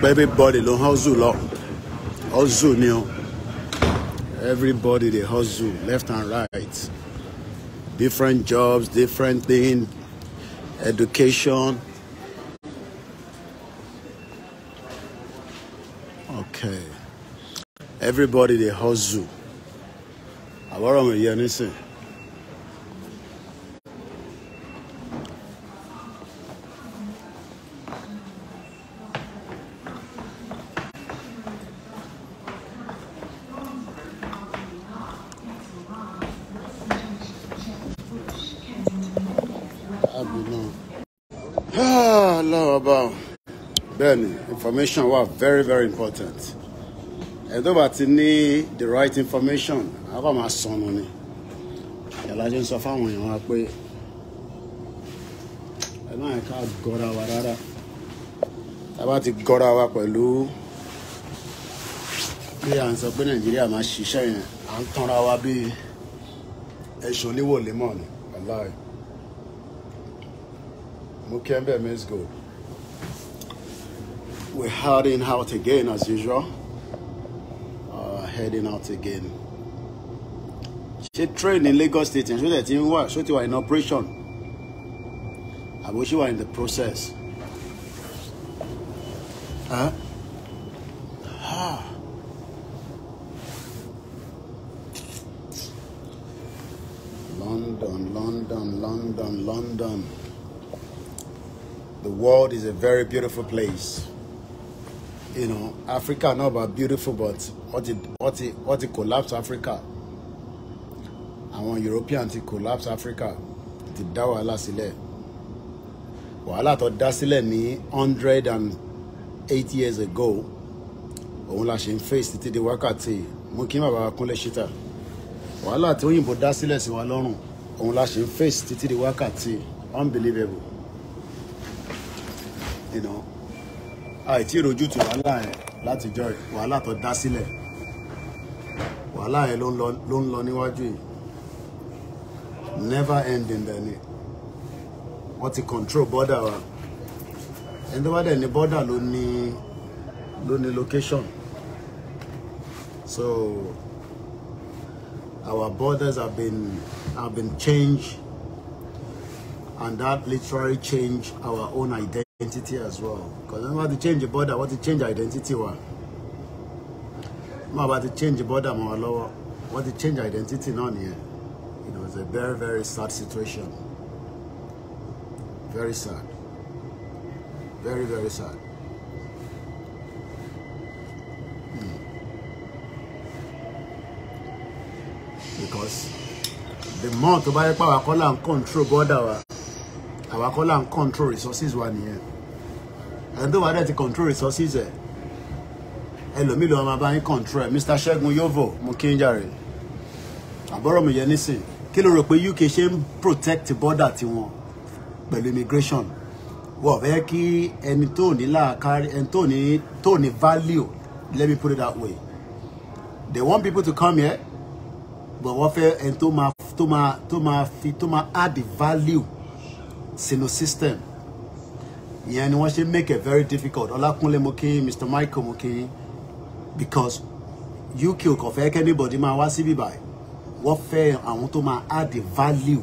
everybody ló hustle lọ hustle ni everybody dey hustle left and right different jobs different thing education okay everybody dey hustle àbọ̀rọ̀ mi yẹ nísìnyí. lọ́wọ́ bá bẹ́ẹ̀ ni information wa very very important ẹ̀dọ́ bá ti need the right information akọ́ máa sọnù ni ìyàlájọ́ ń sọ fáwọn èèyàn wa pé ẹ máa ká gọ́ra wa rárá tá a bá ti gọ́ra wa pẹ̀lú bí à ń sọ pé nàìjíríà máa ṣiṣẹ́ yẹn à ń tanra wa bí ẹ̀ṣọ́ oníwòlémọ̀ ni aláì. Mukembe means good. We're heading out again as usual. Uh, heading out again. She trained in Lagos State and she was in work. She was in operation. I wish you were in the process. Huh? Ah. London, London, London, London. the world is a very beautiful place you know Africa not about beautiful but what it what it what it collapse Africa àwọn European ti collapse Africa ti dá wàhálà sílẹ̀ wàhálà tó dá sílẹ̀ ní hundred and eight years ago òun la ṣe ń face títí di wákàtí mú kí bàbá Kúnlé Ṣítà wàhálà tí òyìnbó dá sílẹ̀ sí wa lọ́rùn òun la ṣe ń face títí di wákàtí unbelievable you know àìtí ìrojú tu wàhálà yẹn látijọ́ wàhálà tó dá sílẹ̀ wàhálà yẹn ló ń lọ níwájú yìí never ending dẹ̀ ni wọ́n ti control border wa ẹni tó bá dẹ̀ ní border ló ní ló ní location so our borders have been have been changed and that literally changed our own identity. identity as well because wọ́n bá to change border what to change identity wa wọ́n about to change border mọ́ wa What to change identity náà nìyẹn it was a very very sad situation very sad very very sad. Hmm. because the more tó bá yẹ control border wa control resources One here. ẹ̀ńdó wàá dẹ̀ ti control resources ẹ̀ ẹlòmíì ló máa bá control Mr Ṣẹ́gun Yovo mo kí n jàre àbọ̀rọ̀ mi yẹn nísìn kí ló rò pé UK ṣe protect border tiwọn pẹ̀lú immigration wọ́n fẹ́ kí ẹni tó ní láàkárí ẹni tó ní tó ní value let me put it that way they want people to come here but what fẹ́ ẹni tó máa tó máa to máa fi tó máa add the value sínú system ìyẹn ni wọ́n ṣe make it very difficult ọlákúnlé mo kí mr michael mo kí because uk kò fẹ́ kẹ́ anybody máa wá síbí báyìí wọ́n fẹ́ àwọn tó máa add the value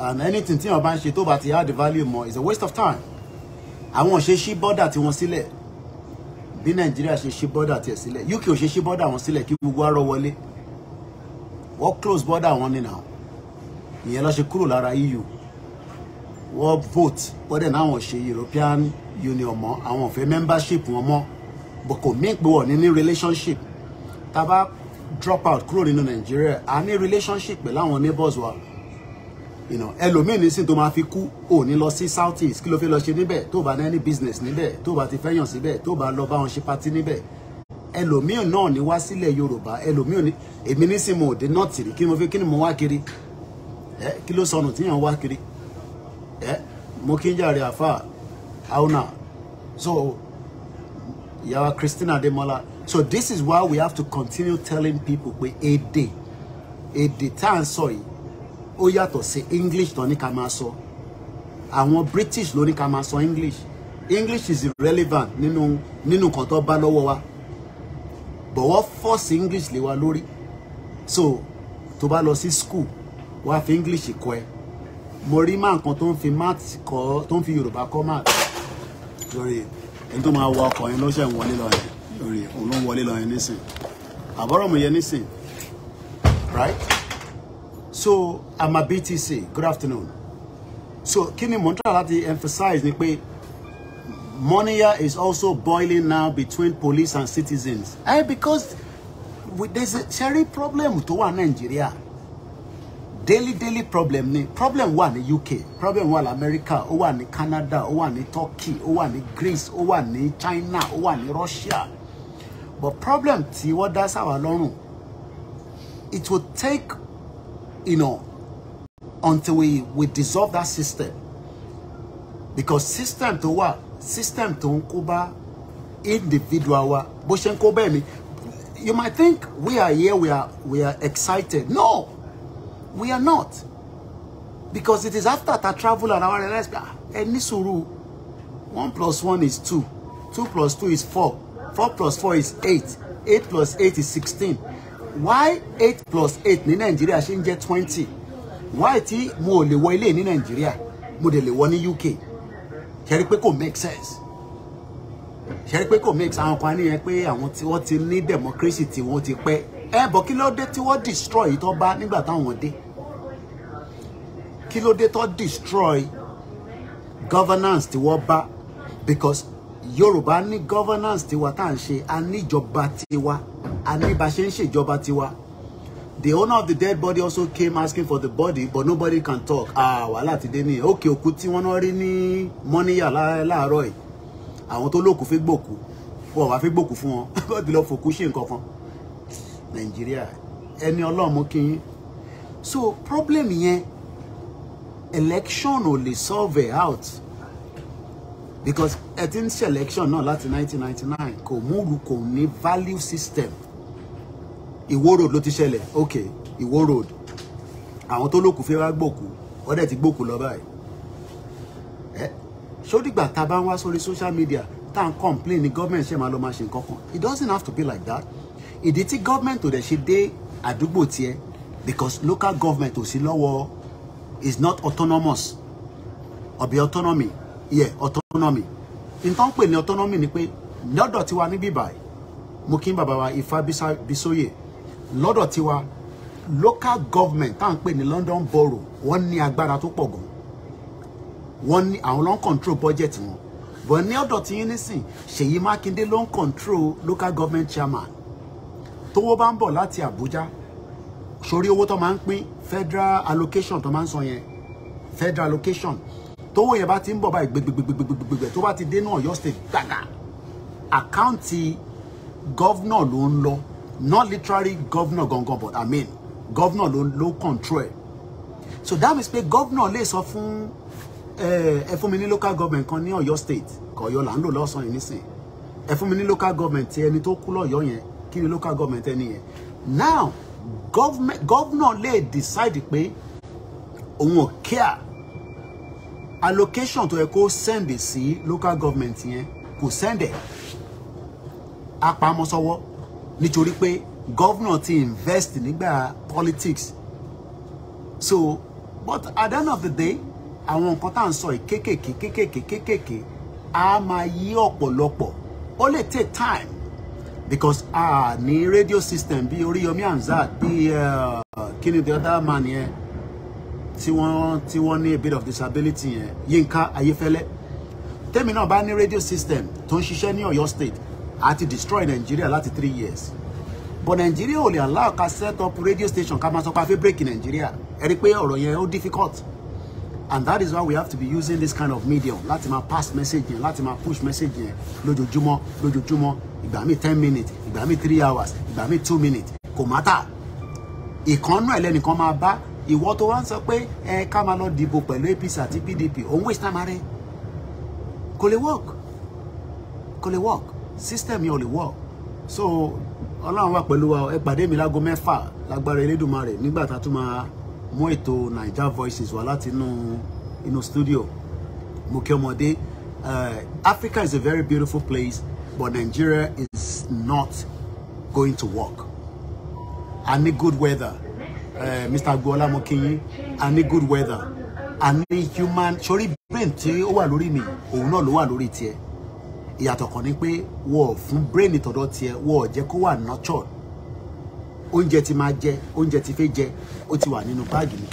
and anything tí wọ́n bá ń ṣe tó bá ti add the value mọ́ is a waste of time àwọn ò ṣe ṣí bọ́dà tiwọn sílẹ̀ bí nàìjíríà ṣe ṣí bọ́dà tiẹ̀ sílẹ̀ uk ò ṣe ṣí bọ́dà wọn sílẹ̀ kí gbogbo arọ wọlé wọ́n close bọ́dà wọn nínà ìyẹn ló ṣe kúrò lára eu wọ́n vote wọ́n dẹ̀ náà wọ́n ṣe European Union mọ́ àwọn ò fẹ́ membership wọn mọ́ but kò mí pé wọ́n ní ní relationship tá a bá drop out kúrò nínú Nàìjíríà a ní relationship pẹ̀lú àwọn neighbors wa you know ẹlòmíì nísìn tó máa fi kú ò ní lọ sí south east kí ló fẹ́ lọ ṣe níbẹ̀ tó bá ní business níbẹ̀ tó bá ti fẹ́yàn síbẹ̀ tó bá lọ bá wọn ṣe party níbẹ̀ ẹlòmíì náà ní wá sílẹ̀ yorùbá ẹlòmíì ní èmi nísìn mo dé north rí kí ni mo fi kí ni mo wá kiri ẹ kí ló sọnù tíyàn wá kiri mo riafa, ń jàre auna so yawa Christina Ademola so this is why we have to continue telling people pé èdè èdè tá à ń sọ yìí ó yàtọ̀ sí English tó ní ká máa sọ àwọn British ló ní ká máa sọ English English is irrelevant nínú nínú nǹkan tó bá lọ́wọ́ wa bọ̀wọ́ force English lé wa lórí so tó bá lọ sí school wàá fi English kọ́ ẹ mo rí máa kan tó ń fi maths kọ́ tó ń fi yorùbá kọ́ maths lórí ẹni tó máa wọ ọkọ̀ yẹn lọ́sẹ̀ ń wọlé lọ yẹn lórí òun ló ń wọlé lọ yẹn nísìn àbọ̀rọ̀ mi yẹn nísìn right so I'm a BTC good afternoon so kí ni mo ń tọ́ láti emphasize ni pé money is also boiling now between police and citizens eh because there's a sharing problem tó wà Nigeria daily daily problem ni problem wà ní UK problem wà ní America ó wà ní Canada ó wà ní Turkey ó wà ní Greece ó wà ní China ó wà ní Russia but problem tí wọ́n dá sáwà lọ́rùn it will take you know until we we dissolve that system because system tó wà system tó ń kó bá individual wa bó ṣe ń kó bẹ́ẹ̀ ni you might think we are here we are we are excited no. We are not. Because it is after that travel and our realize, any ah, suru, one plus one is two, two plus two is four, four plus four is eight, eight plus eight is sixteen. Why eight plus eight ní Nigeria shouldn't get twenty? Why tí mo lè wọ ilé ní mo de lè wọ UK? Ṣé rí pé make sense? Ṣé rí pé kò make sense? Àwọn kan níyẹn pé àwọn ti ní democracy tí wọ́n ti pẹ́. Ẹ bọ̀ kí ló dé tí wọ́n destroy ìtọ́ bá nígbà táwọn dé? kí ló dé tó destroy governance tí wọ́n bá because Yorùbá ní governance tiwa tá à ń ṣe a ní ìjọba tiwa a ní bá ṣe ń ṣèjọba tiwa the owner of the dead body also came asking for the body but nobody can talk ah wàhálà ti dé nìyẹn òkè òkú tí wọ́n náà rí ní mọ́níyà láàárọ̀ yìí àwọn tó lókù fi gbòkú wọn wá fi gbòkú fún wọn bọ́ọ̀dì lọ fòkú ṣe nǹkan kan nàìjíríà ẹni ọlọ́mú kí yín so problem yẹn election ò lè solve it out because ẹ ti ń ṣe election náà láti 1999 kò múlu kò ní value system Ìwó road ló ti ṣẹlẹ̀ ok Ìwó road àwọn tó lókù fẹ́ wá gbòkú wọ́n dẹ̀ ti gbòkú lọ báyìí ẹ ṣódìgbà tá a bá ń wá sórí social media tá à ń complain ní gọ́ọ̀mẹ̀ntì ṣe máa lọ máa ṣe nǹkan kan it doesn't have to be like that ìdí tí government ò dẹ̀ ṣe dé àdúgbò tiẹ̀ because local government ò sí lọ́wọ́ is not autonomous ọ̀bẹ autonomy yeah autonomy nǹkan pè ní autonomy ni pé lọ́dọ̀ tiwa níbí báyìí mo kí bàbá wa ifá bisoye lọ́dọ̀ tiwa local government tá à ń pè ní London Borough wọ́n ní agbára tó pọ̀ gan wọ́n ní àwọn ló ń control budget wọn but ní ọ̀dọ̀ tí yín nísìn Ṣèyí Mákindé ló ń control local government chairman tówó bá ń bọ̀ láti Àbújá sórí owó tó máa ń pín federal allocation tó máa ń sọ yẹn federal allocation tówó yẹn bá ti ń bọ̀ báyìí gbẹgbẹgbẹgbẹgbẹgbẹ tó bá ti dé ní Ọ̀yọ́ state gbàgà àkáǹtì gọ́vnọ̀ ló ń lọ not literally gọ́vnọ̀ gangan but I mean gọ́vnọ̀ ló ló control ẹ̀ so that means pé gọ́vnọ̀ lè sọ fún eh, ẹ fún mi ní local government kan ní Ọ̀yọ́ state kọ̀ọ̀yọ́ là ń lò lọ́sàn yìí nísìn ẹ fún mi ní local government ẹni tó kú lọ́yọ́ yẹn kí ni local government ẹni yẹn now Government, gọ́vnà lè decide pé òun ò care allocation tó yẹ kó send e sí local government yẹn kò send ẹ̀ e apamọ́sọ́wọ́ nítorí pé gọ́vnà ti invest nígbà politics so but at the end of the day àwọn nǹkan tá à ń sọ yìí kéékèèké kéékèèké kéékèèké a máa yí ọ̀pọ̀lọpọ̀ ó lè take time because ah, ní radio system bí Oríyọmí Hamzat bí eh, kíni the other man yẹn tí wọ́n tí wọ́n ní a bit of disability yẹn Yínká Ayéfẹ́lẹ́ tẹ́mi náà bá ní radio system tó ń ṣiṣẹ́ ní Ọ̀yọ́ state àti destroy Nigeria láti three years but Nigeria only allow ká set up radio station ká máa so pé a fẹ́ break Nigeria ẹ rí i pé ọ̀rọ̀ difficult and that is why we have to be using this kind of medium láti máa pass message yẹn láti máa push message yẹn lójoojúmọ́ lójoojúmọ́ ìgbà mi ten minutes ìgbà mi three hours ìgbà mi two minutes kò mátà ìkànnú ẹlẹ́nìkan máa bá ìwọ tó wá ń sọ pé ẹ ká máa lọ dìbò pẹ̀lú APC àti PDP òun waste time rẹ kò lè work kò lè work system yẹn ò lè work so ọlọ́run wà pẹ̀lú wa ẹ pàdé mi lágo mẹ́fà lágbára Elédùmarè nígbà tá a tún máa mú ètò Naija Voices wá láti inú inú studio mo ọmọdé uh, Africa is a very beautiful place but Nigeria is not going to work I need good weather uh, Mr. Agboola mo I need good weather I need human sori brain tí ó wà lórí mi òun náà ló wà lórí tiẹ̀ ìyàtọ̀ kan ni pé wọ́n fún brain tọ̀dọ̀ tiẹ̀ wọ́n jẹ́ kó wà nurtured oúnjẹ tí máa jẹ oúnjẹ tí fẹ́ jẹ ó ti wà nínú báàgì mi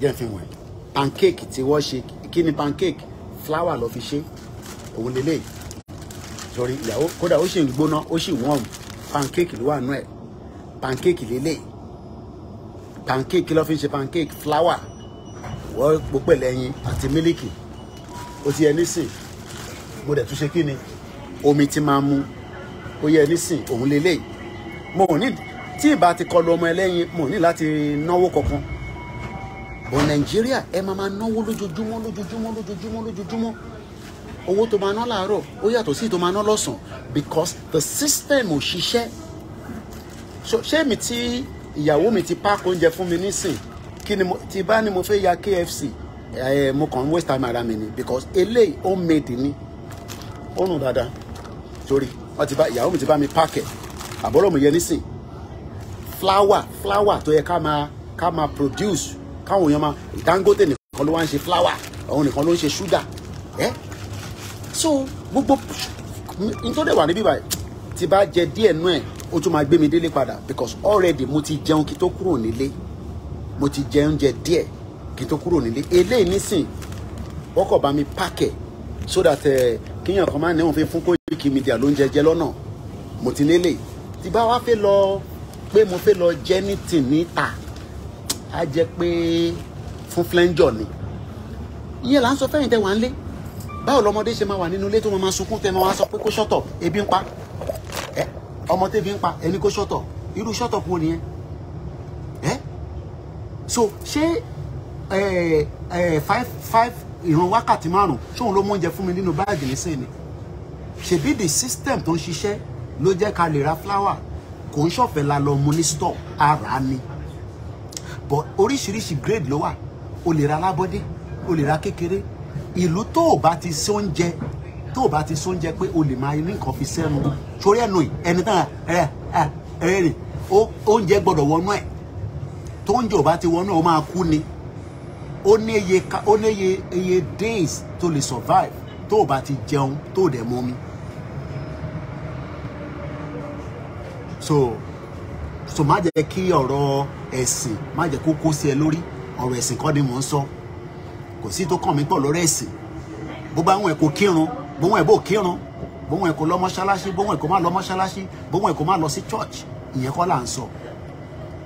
jẹ́ fi wọ̀nyí pancake tí wọ́n ṣe kí ni pancake flour ló fi ṣe òun lélẹ̀ sọrí ìyàwó kódà ó sì ń gbóná ó sì warm pancake ló wà nú ẹ̀ pancake lélẹ̀ pancake kí ló fi ṣe pancake flour wọ́n po pẹ̀lú ẹyin àti mílìkì ó ti yẹ nísìn mo dẹ̀ tún ṣe kí ni omi tí máa mu ó yẹ nísìn òun lélẹ̀ mo ò ní tí ìbá ti kọlu ọmọ ẹlẹ́yin mo ní láti náwó kankan bọ̀ nàìjíríà ẹ máa máa náwó lójoojúmọ́ lójoojúmọ́ lójoojúmọ́ lójoojúmọ́ owó tó máa ná láàárọ̀ ó yàtọ̀ sí tó máa ná lọ́sàn-án because the system ò ṣiṣẹ́ ṣé mi tí ìyàwó mi ti park oúnjẹ fún mi nísìn kí ni mo ti bá ní mo fẹ́ ya KFC ẹ mo kàn ń waste time ara mi ni because eléyìí homemade ni ó rùn dáadáa torí wọ́n ti bá ìyàwó mi ti bá mi pack ẹ̀ àbọ̀rọ̀ mi yẹ nísìn flower flower tó yẹ ká máa ká máa produce káwọn èèyàn máa Dangote nìkan ló wá ń ṣe flower òun nìkan ló ń ṣe sugar ẹ eh? so gbogbo nítorí wà níbí báyìí tí bá jẹ díẹ̀ nú ẹ̀ ó tún máa gbé mi délé padà because already mo ti jẹun kí tó kúrò nílé mo ti jẹ oúnjẹ díẹ̀ kí tó kúrò nílé eléyìí nísìn wọ́n bá mi pákẹ̀ so that eh, kíyàn kan máa ní òun fi fún Koiki Media lóúnjẹ jẹ lọ́nà mo ti nílé tí bá wá fẹ́ lọ pé mo fẹ́ lọ jẹ ní tìníta á jẹ pé fún flẹ́ńjọ ni ìyẹn là ń sọ fẹ́yìn tẹ́ wà ń lé báwo lọmọdé ṣe máa wà nínú ilé tó máa sunkún tẹ́ máa wá sọ pé kó ṣọ́tọ̀ ebi ń pa ẹ ọmọ tẹ́bi ń pa ẹni kó ṣọ́tọ̀ irú ṣọ́tọ̀ kú nìyẹn ẹ so ṣé ẹ ẹ five five ìran wákàtí márùn ṣóun ló mú oúnjẹ fún mi nínú báàgì nísìnyí ṣèbí the system tó ń ṣiṣẹ́ ló jẹ́ ká lè ra flower kò ń ṣọ̀fẹ́ la lọ mu ní stọ̀ ara ni but oríṣiríṣi grade ló wà o lè ra alábọ́dé o lè ra kékeré ìlú tó o bá ti sí oúnjẹ tó o bá ti sí oúnjẹ pé o lè máa ní nǹkan fi sẹ́nu sórí ẹnu ẹni tán ẹ ẹ ẹ rìn oúnjẹ gbọ́dọ̀ wọnú ẹ̀ tó oúnjẹ ò bá ti wọnú ẹ̀ o máa kú ni ó ní iye ó ní iye iye days tó lè survive tó o bá ti jẹun tó o dẹ̀ mọ́ mi so so má jẹ́ kí ọ̀rọ̀ ẹ̀sìn má jẹ́ kó kó sí ẹ lórí ọ̀rọ̀ ẹ̀sìn kọ́ ni mò ń sọ kò sí tó kàn mí pọ̀ lórí ẹ̀sìn bó bá wọn ẹ̀ kó kírun bó wọn ẹ̀ bó kírun bó wọn ẹ̀ kó lọ mọ́ṣáláṣí bó wọn ẹ̀ kó má lọ mọ́ṣáláṣí bó wọn ẹ̀ kó má lọ sí church ìyẹn kọ́ là ń sọ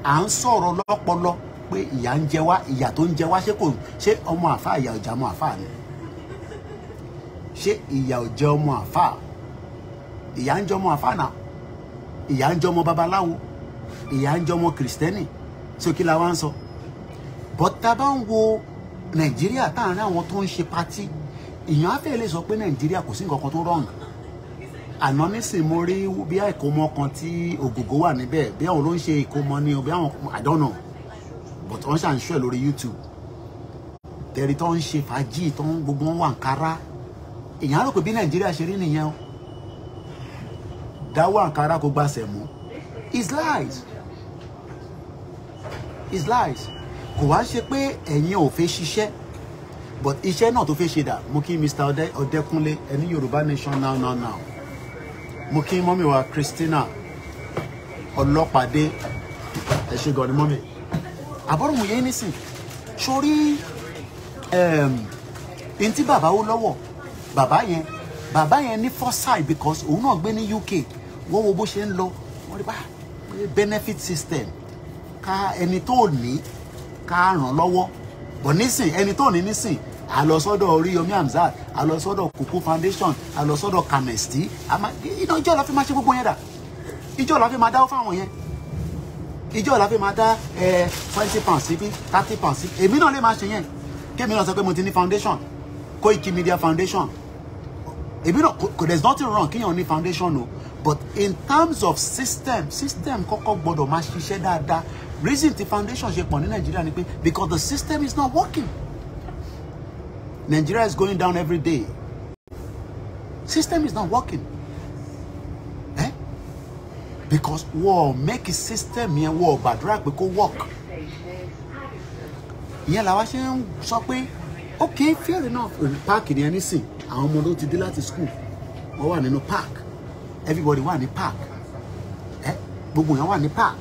à ń sọ̀rọ̀ lọ́pọlọ pé ìyà ń jẹ wá ìyà tó ń jẹ wá ṣé kò ṣé ọmọ àfa ìyà ò ọmọ àfa ni ṣé ìyà ò ọmọ àfa ìyà ń jẹ ọmọ àfa náà ìyà ń jọmọ babaláwo ìyà ń jọmọ kìrìsìtẹ́nì sókè la wá ń sọ bọ́tà bá ń wo nàìjíríà táàrin àwọn tó ń ṣe patí èèyàn á fẹ́ lè sọ pé nàìjíríà kò sí nǹkan kan tó rọrùn àná nísìnyí mo rí bí ìkómọ kan tí ògògó wà níbẹ̀ bí àwọn ló ń ṣe ìkómọ ní bí àwọn àdánù but wọ́n ṣàǹṣú ẹ̀ lórí youtube tẹ̀rí tó ń ṣe fàájì tó ń gbogbo wọn wà ń kára èèyàn á rò pé bí nàìjíríà ṣe rí nìyẹn o dáwọ́ àǹkárá kò gbàṣẹ mu, is lies is lies kò wá ṣe pé ẹ̀yin ò fẹ́ ṣiṣẹ́ but iṣẹ́ náà tó fẹ́ ṣe dà mo kí Mr Ọdẹkúnlé ẹni Yorùbá nation now now now mo kí mọ́mí wa Christina ọlọ́pàdé ẹ ṣe gan ni mọ́mí àbọ̀rùn yẹn nísìn sórí ehm, ntí bàbá ó lọ́wọ́ bàbá yẹn bàbá yẹn ní foresight because òun náà gbé ní UK wọ́n wo bó ṣe ń lọ wọ́n rí bá benefit system ká ẹni tó ní ká ràn lọ́wọ́ bọ̀ nísìn ẹni tó ní nísìn a lọ sọ́dọ̀ Oríyọmí Hamzat a lọ Foundation a lọ sọ́dọ̀ Kamesti iná ìjọ la fi máa ṣe gbogbo yẹn dà ìjọ la fi máa dáwọ́ fáwọn yẹn ìjọ la fi máa dá twenty pounds síbí thirty pounds síbí èmi náà lè máa ṣe yẹn kémi náà sọ pé mo ti ní foundation Koiki Media Foundation èmi náà kò there's nothing wrong kéèyàn ní foundation o but in terms of system system kọ́kọ́ gbọ́dọ̀ máa ṣiṣẹ́ dáadáa reason ti foundation ṣe pọ̀ ní nàìjíríà ni pé because the system is not working nigeria is going down every day system is not working eh? because wọ́n make system yẹn wọ́n gbàdúrà pé kó work ìyẹn làwa ṣe ń sọ pé ok fair enough park ni ẹni sìn àwọn ọmọ ló ti dé láti school wọ́n wà nínú park everybody wà ní park ẹ gbogbo èèyàn wà ní park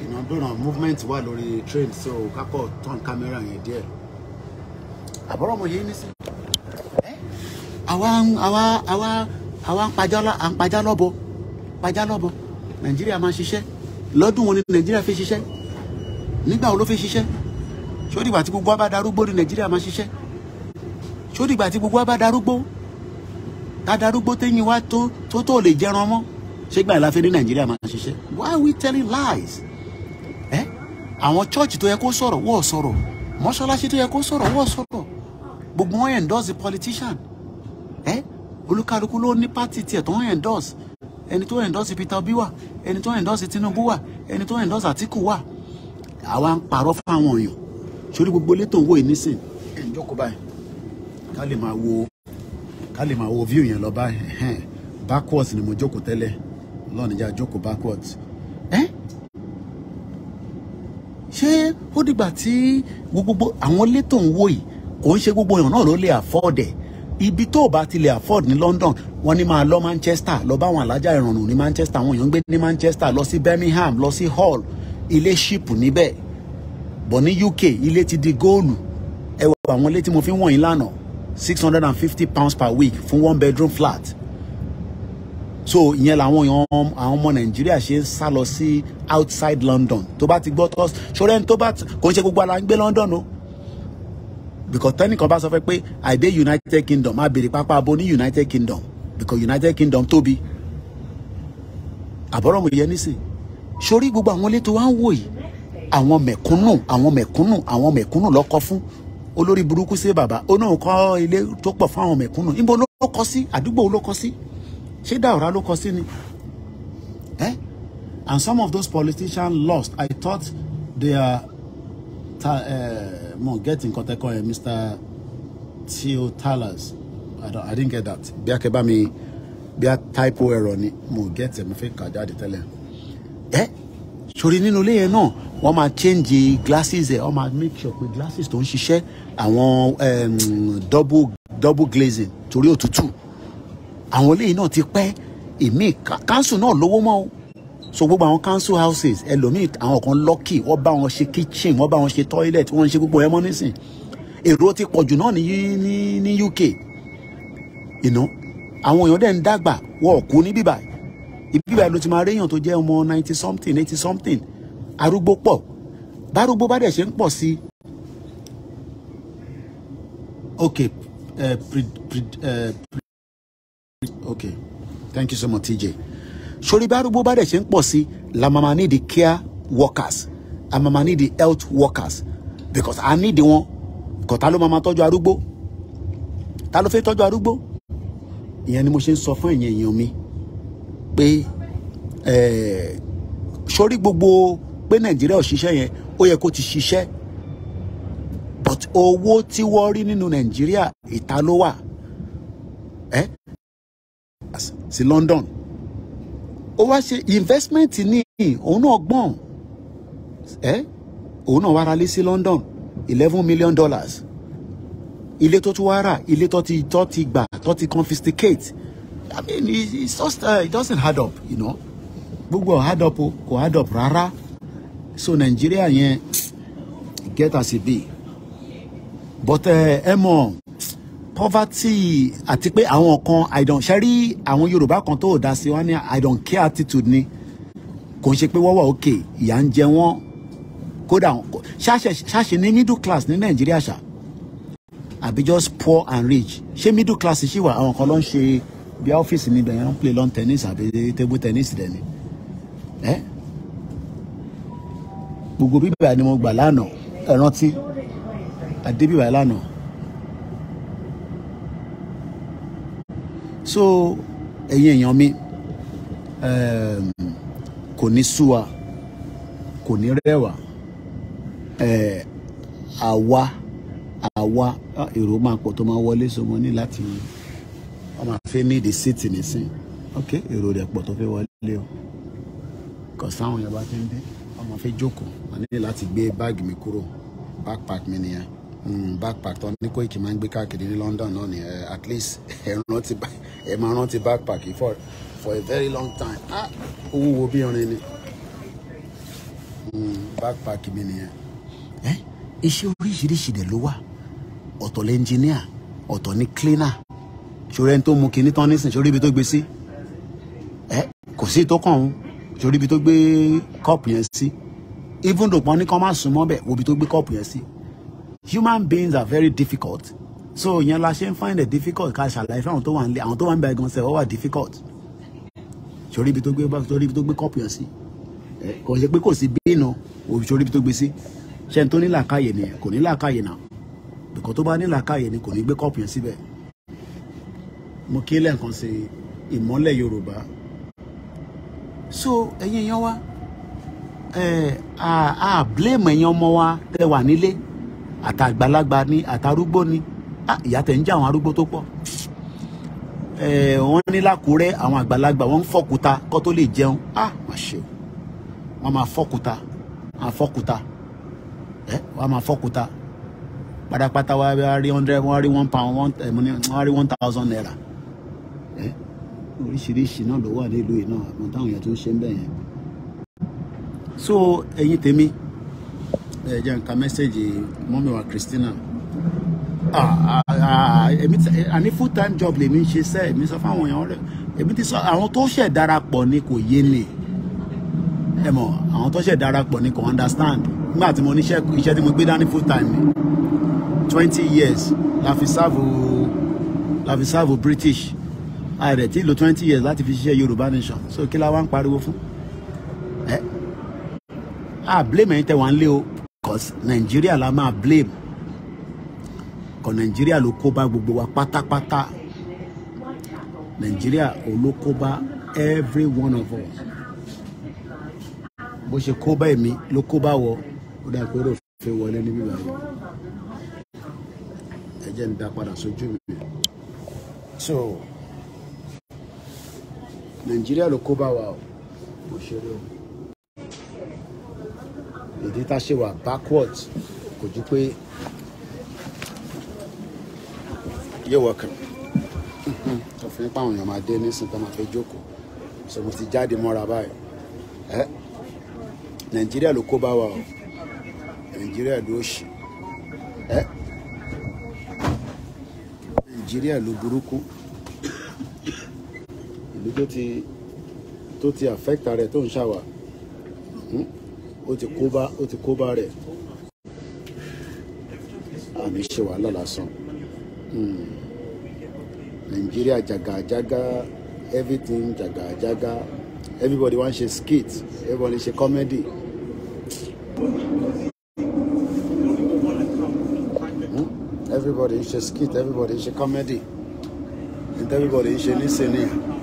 èèyàn dọ̀nà movement wà lórí train so kákọ̀ turn camera yẹn díẹ̀ àbọ̀rọ̀ ọmọ yìí ní sí. àwa àwa àwa àwa ń pajá lọ́bọ pajá lọ́bọ nàìjíríà máa ṣiṣẹ́ lọ́dún wo ni nàìjíríà fi ṣiṣẹ́ nígbà wo ló fi ṣiṣẹ́ sódìgbà tí gbogbo wa bá darúgbó ni nàìjíríà máa ṣiṣẹ́ sódìgbà tí gbogbo wa darúgbó tadarúgbó téyìn wá tó tó tó lè jẹran mọ́ ṣé gbà láfi ní nàìjíríà máa ṣiṣẹ́ why are we telling lies ẹ àwọn church tó yẹ kó sọ̀rọ̀ wọ́ọ̀ sọ̀rọ̀ mọ́ṣáláṣí tó yẹ kó sọ̀rọ̀ wọ́ọ̀ sọ̀rọ̀ gbogbo wọn endorse the politician ẹ olúkálukú ló ní pátì tiẹ̀ tó ń endorse ẹni tó endorse Peter Obi wà ẹni tó endorse Tinubu wà ẹni tó endorse Atiku wà àwa ń parọ́ fáwọn èèyàn sórí gbogbo létò owó ìnísìn ẹ̀ ń jókòó báyìí ká lè máa wo ká lè máa wo view yẹn lọ bá backwards ni mo jókòó tẹ́lẹ̀ lọ́nìjà jókòó backwards. Eh? ṣé ó dìgbà tí gbogbo àwọn ilé tó ń wò yìí kò ń ṣe gbogbo èèyàn náà ló lè afford ẹ̀ ibi tó o bá ti lè afford ní London wọ́n ní máa lọ Manchester lọ bá àwọn alájà ìrànù ní Manchester àwọn èèyàn ń gbé ní Manchester lọ sí Birmingham lọ sí Hull ilé ship níbẹ̀ bọ̀ ní UK ilé ti di góòlù ẹ wọ àwọn ilé tí mo fi ń wọ̀nyí lánàá six hundred and fifty pounds per week fún one bedroom flat so ìyẹn làwọn èèyàn àwọn ọmọ nàìjíríà ṣe ń sá lọ sí outside London tó bá ti gbọ́ tọ́ ṣọ́rẹ́ tó bá kò ń ṣe gbogbo ara ń gbé London o because tẹ́nìkan bá sọ fẹ́ pé I dey United Kingdom a béèrè pápá abo ní United Kingdom because United Kingdom tóbi àbọ̀rọ̀ mo yẹ nísìn sórí gbogbo àwọn ilé tó wá ń wò yìí àwọn mẹ̀kúnnù àwọn mẹ̀kúnnù àwọn mẹ̀kúnnù lọ́kọ́ fún olórí burúkú sí bàbá ó náà ilé tó pọ̀ fáwọn mẹ̀kúnnù níbo ló kọ́ sí àdúgbò ló kọ́ sí ṣé Daura ló kọ́ sí ni eh? and some of those politicians lost I thought they are uh, mo get nǹkan tẹ́kọ̀ Mr. Theo Talas I, don't, I didn't get that bí a kẹ́ bá mi bí a typo error ni mo get ẹ̀ mo fẹ́ kà jáde tẹ́lẹ̀ eh? sórí nínú ilé yẹn náà wọ́n máa change glasses ẹ̀ wọ́n máa make sure pé glasses tó ń ṣiṣẹ́ àwọn ehm, double double glazing torí òtútù àwọn eléyìí náà ti pẹ́ èmi council náà lówó mọ́ o so gbogbo àwọn council houses ẹlòmíì àwọn kan lọ́kì wọ́n bá wọn ṣe kitchen wọ́n bá wọn ṣe toilet wọ́n ṣe gbogbo ẹ̀ mọ́ nísìn èrò ti pọ̀ jù náà ní ní ní UK you know àwọn èèyàn dẹ̀ ń dàgbà wọ́n kú ní bíbáyìí ibi báyìí ló ti máa réyàn tó jẹ́ ọmọ ninety something eighty something arúgbó pọ̀ bárúgbó bá dẹ̀ ṣe ń pọ̀ sí i okay uh, pre, pre, uh, pre, okay thank you so much TJ sori bárúgbó bá dẹ̀ ṣe ń pọ̀ sí i la mama need the care workers la mama need the health workers because i need wọn kò ta ló máa ma tọ́jú arúgbó ta ló fẹ́ tọ́jú arúgbó ìyẹn ni mo ṣe ń sọ fún ẹ̀yin èèyàn mi pé sórí gbogbo pé nàìjíríà ò ṣiṣẹ́ yẹn ó yẹ kó ti ṣiṣẹ́ but owó tí wọ́n rí nínú nàìjíríà ìta ló wà ẹ́ sí London ó wá ṣe investment ní òun náà gbọ́n ẹ́ òun náà wá ralé sí London eleven million dollars ilé tó tún wá rà ilé tó ti tó ti gbà tó ti confiscate I mean, it's, it's just, uh, it doesn't add up, you know. Gbogbo add up kò add up rara, So Nigeria yẹn get as it be. But uh, ẹ mọ̀ poverty àti pé won't kan I don't ṣe rí won't Yorùbá kan tó dá sí wọn I don't care attitude ni. Konshikpe wawa okay. pé won go down. ń jẹ wọ́n kódà ṣáṣe ní middle class Nigeria Nàìjíríà I be just poor and rich ṣé middle class ṣì she àwọn kan ló ń she bí ọ́fíìsì mi bẹ̀rẹ̀ ń play lawn tennis àbí table tennis dẹ̀ ni ẹ́ gbogbo bíbà ni mo gbà lánàá ẹ rántí lánàá so ẹ̀yin èèyàn mi ehm, kò ní súwa kò ní rẹwà àwa àwa èrò máa pọ̀ tó máa wọlé so ní láti wọ́n máa fẹ́ ní ìdí síìtì nísìn ok èrò rẹ̀ pọ̀ tó fẹ́ wọlé o kò sáwọn yẹn bá ti ń dé wọ́n máa fẹ́ jókòó wọ́n ní láti gbé báàgì mi kúrò backpack mi nìyẹn hmm, backpack tó ní Koiki máa ń gbé káàkiri ní London náà ni eh, at least ẹ máa rántí backpack yìí for for a very long time ah ó wúwo bí irin ni hmm, backpack mi nìyẹn. Eh, iṣẹ́ oríṣiríṣi dẹ̀ ló wà ọ̀tọ̀ lẹ́ńjìníà ọ̀tọ̀ ní cleaner ṣòro ẹni tó mu kinní tán nísìn ṣòro ibi tó gbé sí ẹ kò sí tó kàn ń ṣòro ibi tó gbé kọ́ọ̀pù yẹn sí even though pọ́n ní kán má sùn mọ́ bẹ̀ wo ibi tó gbé kọ́ọ̀pù yẹn sí human beings are very difficult so ìyẹn la ṣe ń find it difficult ká ṣàlàyé fún àwọn tó wà ń lé àwọn tó wà ń bẹ gan sẹ ọ wà difficult ṣòro ibi tó gbé ṣòro ibi tó gbé kọ́ọ̀pù yẹn sí ẹ kò ṣe pé kò sí bíìnà ṣòro ibi tó gbé sí ṣẹ́ni tó ní làákàyè nìyẹn kò ní làákàyè náà bìkọ́ tó bá ní làákàyè ni kò ní gbé kọ́ọ̀pù yẹn síbẹ̀ mo kí lẹ́ẹ̀kan sí ìmọ́lẹ̀ yorùbá so ẹ̀yin èèyàn wa a blame ẹ̀yin ọmọ wa tẹ́ wà nílé àtàgbàlagbà ni àtàrúgbó ni ìyà tẹ̀ ń jẹ àwọn arúgbó tó pọ̀ wọ́n ní lákùúrẹ́ àwọn àgbàlagbà wọ́n ń fọ́kúta kó tó lè jẹun ah má ṣe o wọ́n máa fọ́kúta máa fọ́kúta ẹ wọ́n máa fọ́kúta padàpátá wọ́n wa rí one hundred wọ́n á rí one pound one á rí one thousand naira ẹ oríṣiríṣi náà ló wà nílùú yìí náà àmọ́ táwọn èèyàn tó ń ṣe ń bẹ yẹn so ẹ̀yin tèmi ẹ jẹ́ nǹkan mẹ́sẹ̀gì mọ́mí Christina àní full time job lèmi ń ṣe sẹ́ èmi sọ fáwọn èèyàn rẹ̀ èmi ti sọ àwọn tó ṣẹ̀ darapọ̀ ni kò yé ni ẹ mọ̀ àwọn tó ṣẹ̀ darapọ̀ ni kò understand nígbà tí mo níṣẹ́ iṣẹ́ tí mo gbé dání full time twenty years la fi sáàbù la fi sáàbù British ààrẹ tí lo twenty years láti fi ṣiṣẹ́ yorùbá nation so kí la wá ń pariwo fún ẹ a blame ẹ̀yin tẹ́ wà ń lé o cause nàìjíríà la máa blame kọ nàìjíríà ló kó bá gbogbo wa pátápátá nàìjíríà ló every one of us bó ṣe kó bá èmi ló kó bá wọ ó dà pé ó fẹ́ wọlé níbí báyìí ẹ jẹ́ ń dá padà sójú mi so nàìjíríà ló kó bá wa o mo ṣeré o ìdí tá a ṣe wà backward kò ju pé you're welcome òfin pàwọn èèyàn máa dé nísìnyí tó máa fẹ́ jókòó so mo ti jáde mọ́ra báyìí ẹ nàìjíríà ló kó bá wa o nàìjíríà ló ṣì ẹ nàìjíríà ló burúkú tó ti tó ti affect rẹ̀ tó ń ṣàwà hmm? ó ti kóbá ó ti kóbá rẹ̀ àmì ṣe wàhálà lásán hmm. nàìjíríà jàgàjàgà everything jàgàjàgà everybody wan ṣe skit everybody ṣe comedy. Hmm? everybody ṣe skit everybody ṣe comedy and everybody ṣe nísìnyí.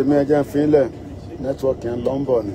tèmi ẹjẹ́ ń fi ń lẹ̀ nẹ́tíwọ́ọ̀kì ń lọ́ńbọ̀ ni.